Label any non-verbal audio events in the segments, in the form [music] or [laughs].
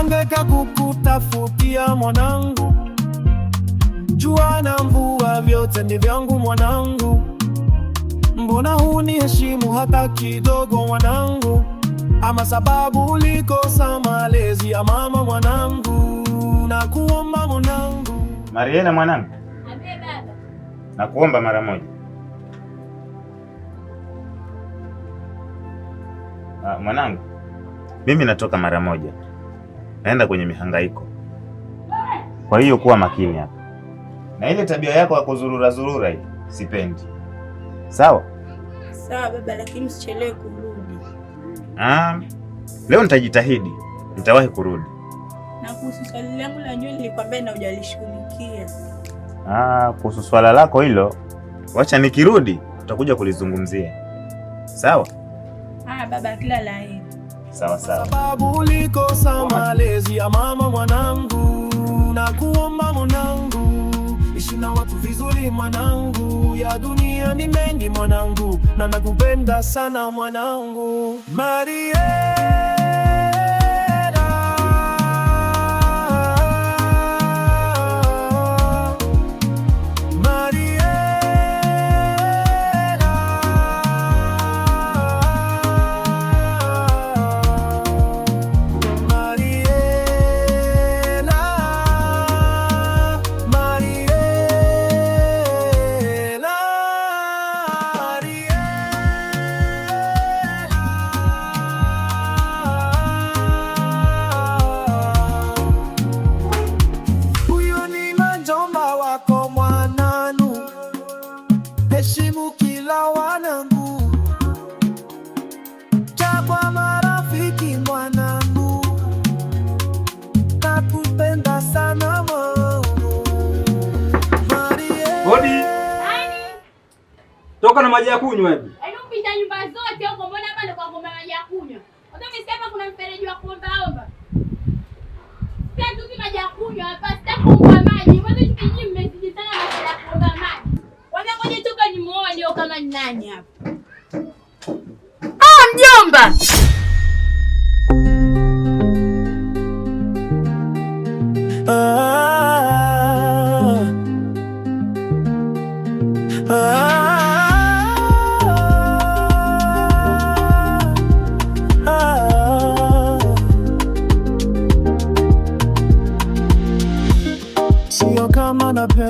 Nahangaika kukutafutia mwanangu, jua na mvua vyote ni vyangu mwanangu, mbona huniheshimu hata kidogo mwanangu? Ama sababu ulikosa malezi ya mama mwanangu, nakuomba mwanangu. Mariela mwanangu, nakuomba mara moja ah, mwanangu, mimi natoka mara moja naenda kwenye mihangaiko. Kwa hiyo kuwa makini hapa, na ile tabia yako ya kuzurura zurura hii sipendi. Sawa sawa baba, lakini usichelewe kurudi. Ah, leo nitajitahidi, nitawahi kurudi. Na kuhusu swali langu la nywele nilikwambia na ujalishughulikia. Ah, kuhusu swala lako hilo, wacha nikirudi tutakuja kulizungumzia. Sawa. Ah, baba, kila la heri sawa sawa, sababu ulikosa malezi ya mama mwanangu, na kuomba mwanangu, ishi na watu vizuri mwanangu, ya dunia ni mengi mwanangu, na nakupenda sana mwanangu Marie maji ya kunywa hivi. Hebu yaani pita nyumba zote huko, mbona hapa ndio kwa ngoma maji ya kunywa? Unataka mimi hapa kuna mfereji wa kuomba omba. Sasa tuki maji ya kunywa hapa, sitaki kuomba maji. Mbona nyinyi mmesijitana maji ya kuomba maji? Kwanza ngoja toka nimuone kama ni nani hapa.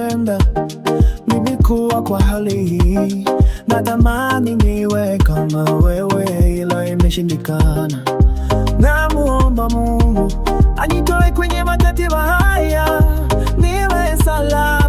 kupenda kuwa kwa hali hii, natamani niwe kama wewe, ila imeshindikana. Namuomba Mungu anitoe kwenye matatizo haya, niwe salama.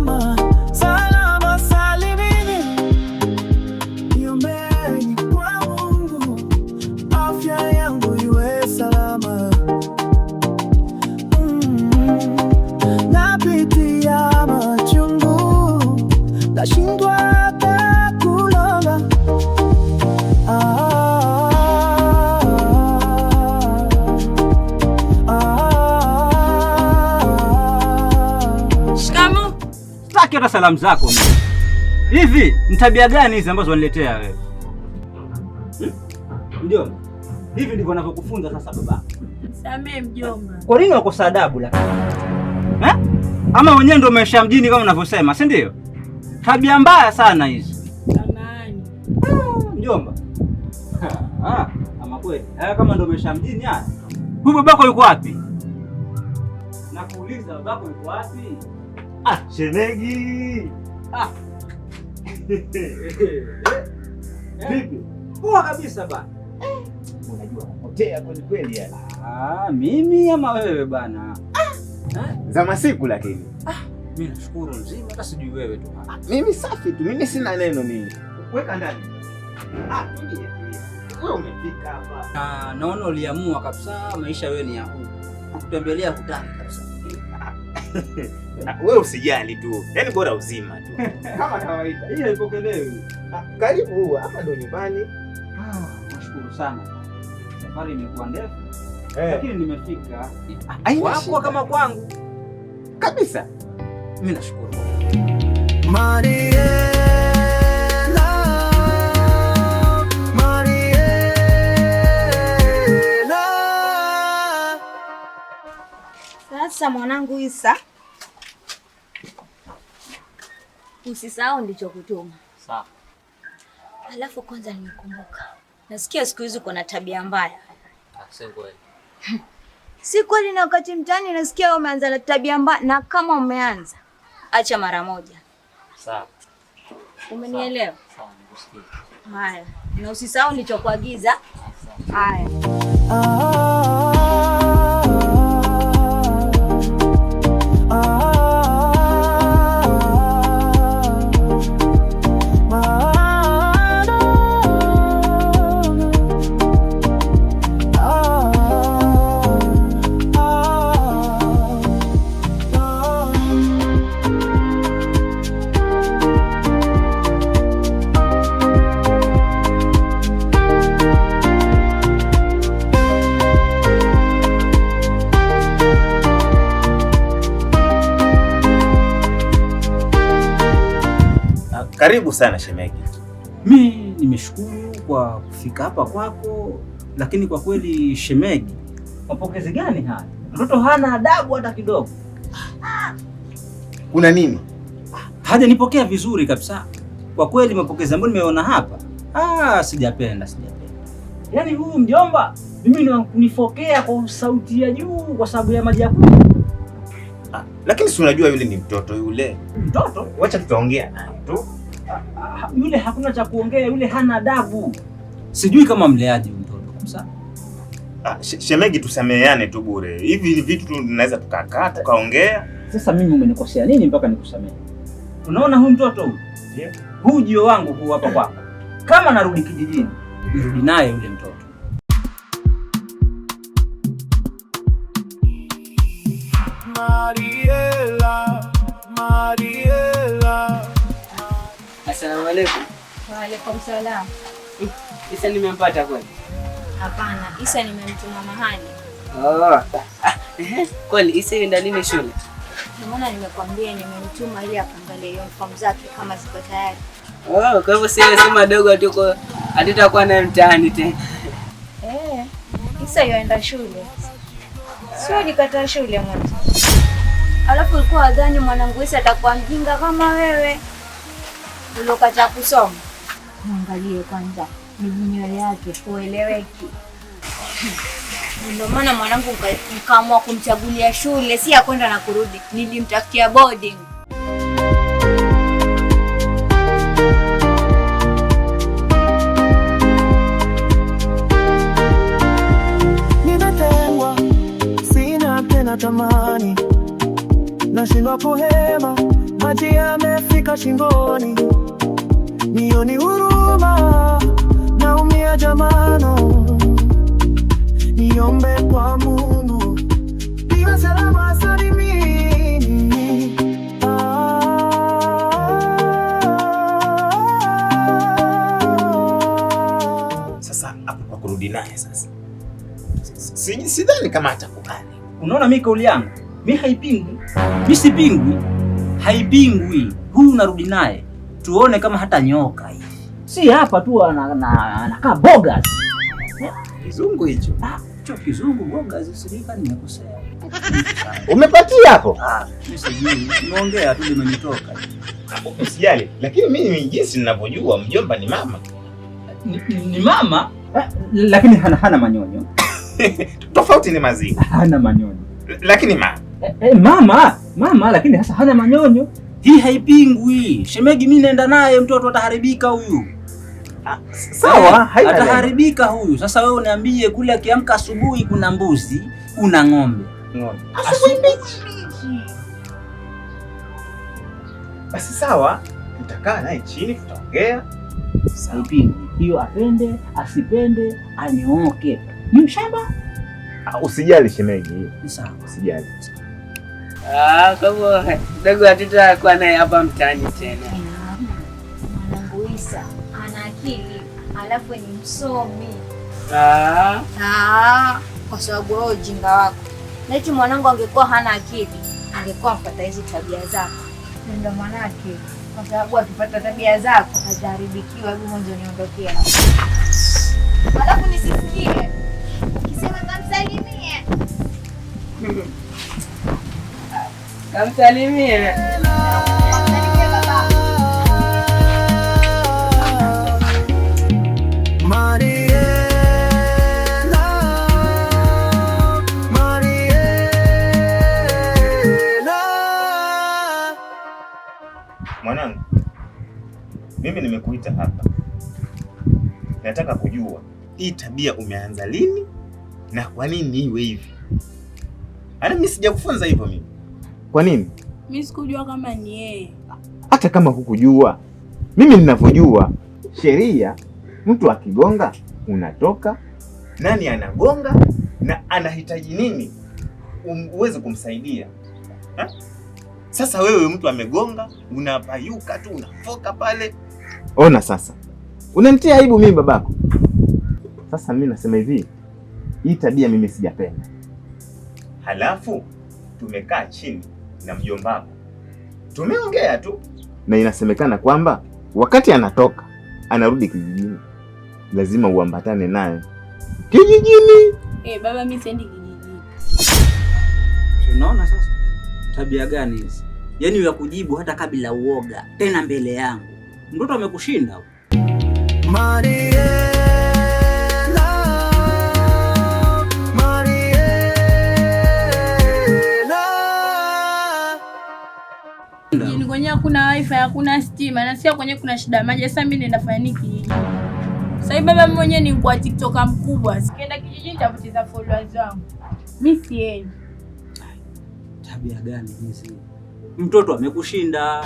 hata salamu zako. Hivi ni tabia gani hizi ambazo waniletea wewe? Mjomba, hmm? hivi ndivyo wanavyokufunza sasa baba. Samee mjomba. Kwa nini wakosa adabu lakini? Eh? Ama wenyewe ndio maisha mjini kama unavyosema, si ndio? Tabia mbaya sana hizi. Samahani. Ah, mjomba. [laughs] Ah, ama kweli. Haya eh, kama ndio maisha mjini haya. Ah. Huyu babako yuko wapi? Nakuuliza babako yuko wapi? Ah, ah. [laughs] Vipi? Eh, poa kabisa bana. Eh, unajua napotea kweli kweli yani. Ah, mimi ama wewe bana? Ah. Eh? Za masiku lakini. Ah, mimi nashukuru mzima hata sijui wewe tu. Ah, mimi safi tu. Mimi sina neno mimi. Weka ndani. Ah, tulie. Wewe umefika hapa. Ah, naona uliamua kabisa maisha wewe ni ya huko. Kutembelea hutaki kabisa. [laughs] Wewe usijali tu, yaani bora uzima tu [laughs] kama kawaida. Hiyo haipokelewi. Ah, karibu hapa ndo nyumbani. Ah, nashukuru sana, safari imekuwa ndefu eh. Lakini nimefika wako kama kwangu kabisa. Mimi nashukuru Maria. sasa mwanangu Isa, usisahau ndichokutuma. Sawa. Alafu kwanza nimekumbuka, nasikia siku hizi uko na tabia mbaya. [laughs] Si kweli? Na wakati mtaani nasikia umeanza na tabia mbaya, na kama umeanza acha mara moja. Sawa. Umenielewa? Sawa, nikusikia. Haya, na usisahau nilichokuagiza. Haya. Ah, sana shemegi. Mi nimeshukuru kwa kufika hapa kwako, lakini kwa kweli shemegi, mapokezi gani haya? Mtoto hana adabu hata kidogo. Kuna nini? Haja nipokea vizuri kabisa kwa kweli, mapokezi ambayo nimeona hapa ah, sijapenda sijapenda. Yaani huyu mjomba mimi nifokea kwa sauti ya juu kwa sababu ya maji ya kunywa. Ah, lakini si unajua yule ni mtoto yule. Mtoto? Wacha tutaongea naye tu yule hakuna cha kuongea, yule hana adabu. Sijui kama mleaji mtoto sana. Ah, shemegi, tusameheane tu bure. Hivi vitu tunaweza tukakaa tukaongea. Sasa mimi umenikosea nini mpaka nikusamehe? Unaona huyu mtoto huyu, yeah. Huu jio wangu huu hapa kwako, kama narudi kijijini nirudi naye yule mtoto. Mariela, Mariela alaikum. Wa alaikum salaam. Eh, Isa nimempata kwani? Hapana, Isa nimemtuma mahali. Oh. Ah, Isa yenda lini shule? Mbona nimekwambia nimemtuma ili akangalie fomu zake kama ziko tayari. Oh, kwa hivyo siyesema dogo tuko atitakuwa naye mtaani tena. Eh, Isa yoenda shule. Sio jikataa shule mwanzo. Alafu ulikuwa adhani mwanangu Isa atakuwa mjinga kama wewe. Ulokataa kusoma? Mwangalie kwanza mijinywele yake ueleweki. Ndio maana mwanangu nkaamua kumchagulia shule, si ya kwenda na kurudi. Nilimtafutia boarding. Nimetengwa, sina tamani, nashindwa kuhema, maji yame nimefika shingoni, nioni huruma, naumia jamano, niombe kwa Mungu niwe salama salimini. Ah, Sasa hapo kwa kurudi naye sasa, sidhani kama atakubali. Unaona, mi kauli yangu mi haipingwi, mi sipingwi, haipingwi huyu unarudi naye, tuone kama hata nyoka hivi, si hapa tu anakaa bogas. Ah, kizungu hicho ah, cho kizungu boga zisirika, nimekosea. Umepatia hapo? Ah, sijui unaongea tu limenitoka. Usijali, lakini mimi jinsi ninavyojua mjomba ni mama ni, ni mama ha, eh? eh, lakini hana, hana manyonyo [laughs] tofauti ni mazingira. hana manyonyo lakini ma. E, e, mama mama lakini hasa hana manyonyo hii haipingwi. Shemegi mimi naenda naye mtoto ataharibika huyu. Ah, sawa, eh, ataharibika huyu. Sasa wewe uniambie kule akiamka asubuhi kuna mbuzi, kuna ng'ombe. Asubuhi Basi sawa, tutakaa naye chini tutaongea. Haipingwi. Hiyo apende, asipende, anioke. Ni mshamba? Ah, usijali shemegi. Sawa, usijali. Ah, kwa hivyo dogo hatutakuwa naye hapa mtaani tena. Mwanangu Isa ana akili, alafu ni msomi. Ah. Ah, kwa sababu wewe ujinga wako. Na mwanangu angekuwa hana akili, angekuwa mpata hizi tabia zako. Ndio manake, kwa sababu akipata tabia zako ataharibikiwa. Hebu mwanzo niondokee. Alafu nisisikie. Ukisema kamsalimie. [laughs] Namsalimia. Mwanangu, mimi nimekuita hapa, nataka kujua hii tabia umeanza lini na kwa nini iwe hivi? Ana mimi sijakufunza hivyo mimi kwa nini? Mimi sikujua kama ni yeye. Hata kama hukujua, mimi ninavyojua sheria, mtu akigonga unatoka, nani anagonga na anahitaji nini um, uweze kumsaidia ha? Sasa wewe mtu amegonga, unapayuka tu unafoka pale. Ona sasa, unanitia aibu mimi babako. Sasa mimi nasema hivi, hii tabia mimi sijapenda. Halafu tumekaa chini na mjomba tumeongea tu, na inasemekana kwamba wakati anatoka anarudi kijijini lazima uambatane naye kijijini. Eh, baba mimi siendi kijijini. Unaona sasa tabia gani hizi? Yaani ya kujibu hata kabla uoga tena mbele yangu mtoto amekushinda. wi ya kuna stima, na sio kwenye kuna shida maji. Sasa mimi nafanya nini Sasa hivi baba mwenyewe ni kwa TikTok mkubwa, sikienda kijijini tapoteza followers wangu. Mimi siendi. Tabia gani hizi? Mtoto amekushinda.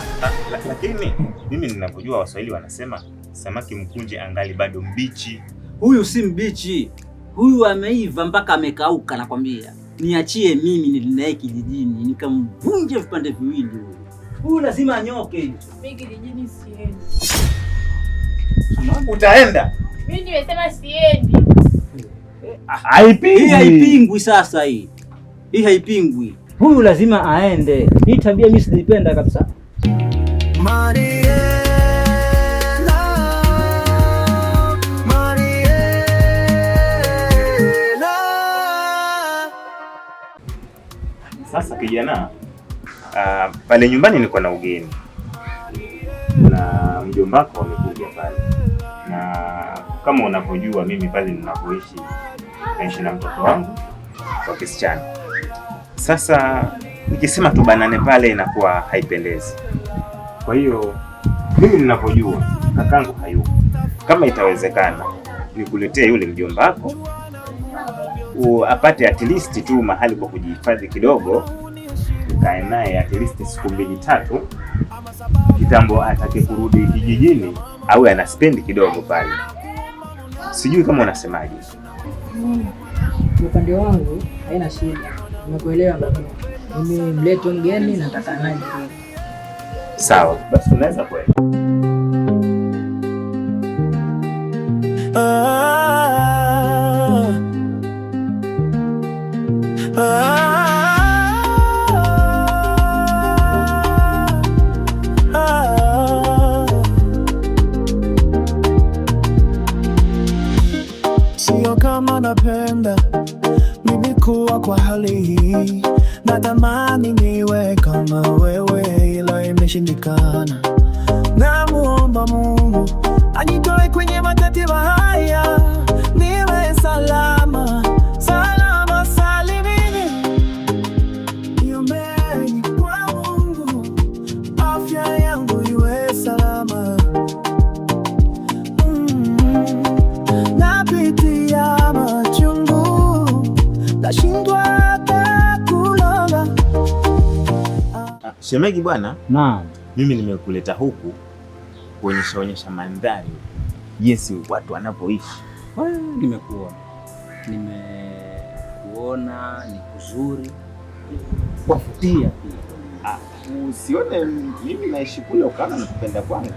Lakini mimi ninavyojua Waswahili wanasema samaki mkunje angali bado mbichi. Huyu si mbichi, huyu ameiva mpaka amekauka. Nakwambia niachie mimi, nilinaye kijijini nikamvunje vipande viwili huyu. Huyu lazima anyoke. Mimi kijijini siendi. Utaenda? Mimi nimesema siendi. Eh, haipingwi. Hii haipingwi sasa hii. Hii haipingwi. Huyu lazima aende. Hii tabia mimi sijaipenda kabisa. Sasa kijana Uh, pale nyumbani niko na ugeni na mjombako wamekuja pale, na kama unavyojua mimi pale ninapoishi naishi na mtoto wangu kwa kisichana. Sasa nikisema tu banane pale inakuwa haipendezi, kwa hiyo mimi ninavyojua kakangu hayuko, kama itawezekana nikuletee yule mjombako apate at least tu mahali kwa kujihifadhi kidogo nikae naye at least siku mbili tatu, kitambo atake kurudi kijijini au ana spend kidogo pale. Sijui kama unasemaje? Hmm. Upande wangu haina shida, nimekuelewa Mimi mlete mgeni nataka naye. Sawa, basi unaweza kwenda. Sio kama napenda mimi kuwa kwa hali hii, tamani niwe kama wewe, ila imeshindikana. Namuomba Mungu anitoe kwenye matatizo haya, niwe salama. shemeji bwana, naam, mimi nimekuleta huku kuonyesha onyesha mandhari jinsi watu wanavyoishi. Nimekuona, nimekuona ni kuzuri, wavutia pia. Ah, usione mimi naishi kule ukana nakupenda kwangu,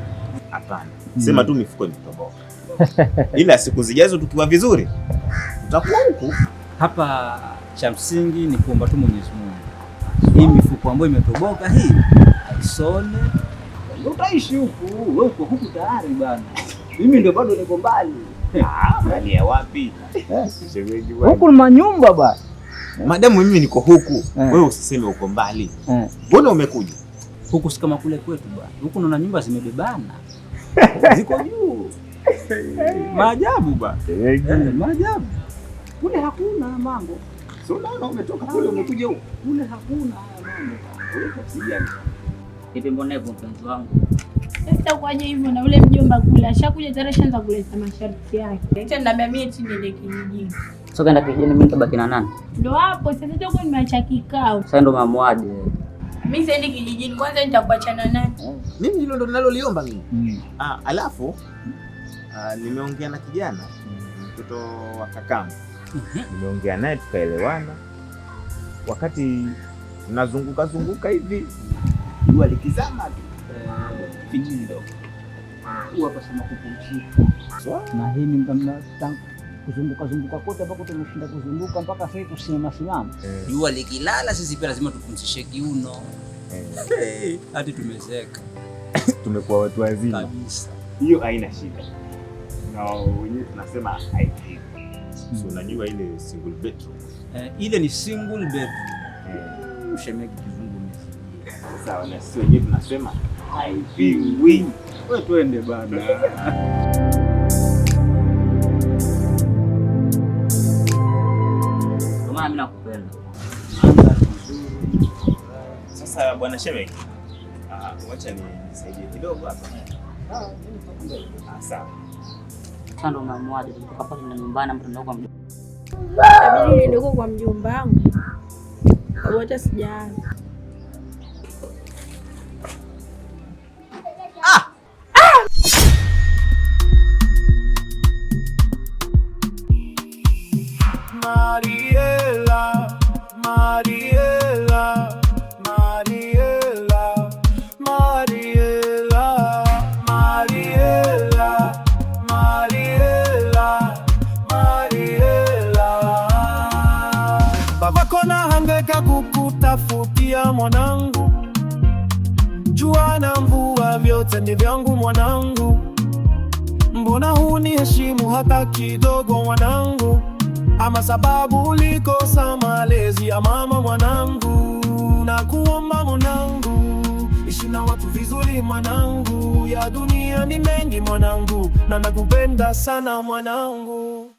hapana. Mm. Sema tu mifuko imetoboka, [laughs] ila siku zijazo tukiwa vizuri utakuwa huku. Hapa cha msingi ni kuomba tu Mwenyezi Mungu ambayo imetoboka hii aisone, utaishi huku huku huku tayari bana. Mimi ndio bado niko mbali. Mbali ah, ya wapi? Eh. Huku manyumba ba Madamu mimi niko huku, eh. wewe usiseme uko mbali. Eh. Mbona umekuja huku? Si kama kule kwetu bwana, huku naona nyumba zimebebana ziko juu. Maajabu bwana, maajabu. Kule hakuna mambo, si unaona umetoka kule umekuja huku, kule hakuna Kipi mbonevu mpenzi wangu? Sasa kwaje hivyo na ule mjomba kula ashakuja tayari shaanza kuleta masharti yake. Tena na mimi chini ile kijijini. Sio kaenda kijijini mimi nitabaki na nani? Ndio hapo sasa toko nimeacha kikao. Sasa ndo mamwadi. Mimi siendi kijijini kwanza nitakuachana nani? Eh, mimi hilo ndo ninaloliomba mimi. Mm. Ah, alafu ah, nimeongea na kijana mtoto wa kakamu. Mhm. Nimeongea naye tukaelewana. Wakati nazunguka zunguka hivi, jua likizama tu vijini ndogo huwa pasema kupumzika, na hii ni kuzunguka zunguka kote ambako tumeshinda kuzunguka mpaka sasa tusimama simama. Eh. Jua likilala sisi pia lazima tupumzishe kiuno eh. hadi tumezeka, tumekuwa watu wazima kabisa. Hiyo haina shida, na wenyewe tunasema haipigi. Hmm. Unajua ile single bedroom, eh, ile ni single bedroom ushemeji kizungumzi. Sawa, na sisi wenyewe tunasema haiviwi. Wewe twende bana. Mimi nakupenda. Sasa bwana shemeji, ah, wacha nisaidie kidogo hapa. Kando na kutoka pale na nyumbani mtu ndio kwa mjomba. Kabili ndio kwa mjomba wangu wote sijaanza. mwanangu, jua na mvua vyote ni vyangu mwanangu, mbona huni heshimu hata kidogo mwanangu? Ama sababu ulikosa malezi ya mama mwanangu. na kuomba mwanangu, ishi na watu vizuri mwanangu, ya dunia ni mengi mwanangu, na nakupenda sana mwanangu.